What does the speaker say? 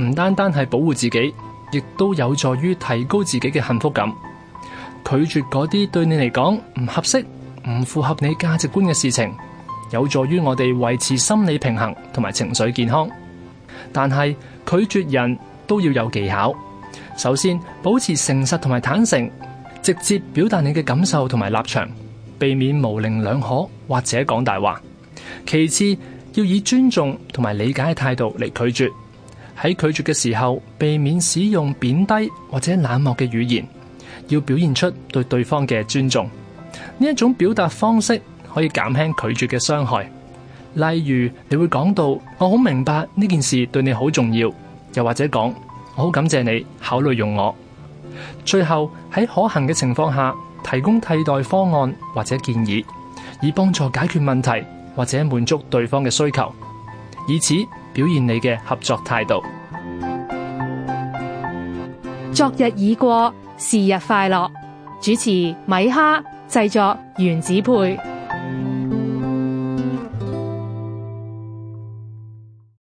唔單單係保護自己，亦都有助於提高自己嘅幸福感。拒絕嗰啲對你嚟講唔合適、唔符合你價值觀嘅事情，有助於我哋維持心理平衡同埋情緒健康。但係拒絕人都要有技巧。首先，保持誠實同埋坦誠，直接表達你嘅感受同埋立場，避免模棱兩可或者講大話。其次，要以尊重同埋理解嘅態度嚟拒絕。喺拒絕嘅時候，避免使用貶低或者冷漠嘅語言，要表現出對對方嘅尊重。呢一種表達方式可以減輕拒絕嘅傷害。例如，你會講到：我好明白呢件事對你好重要，又或者講我好感謝你考慮用我。最後，喺可行嘅情況下，提供替代方案或者建議，以幫助解決問題或者滿足對方嘅需求，以此。表現你嘅合作態度。昨日已過，是日快樂。主持米哈，製作原子微。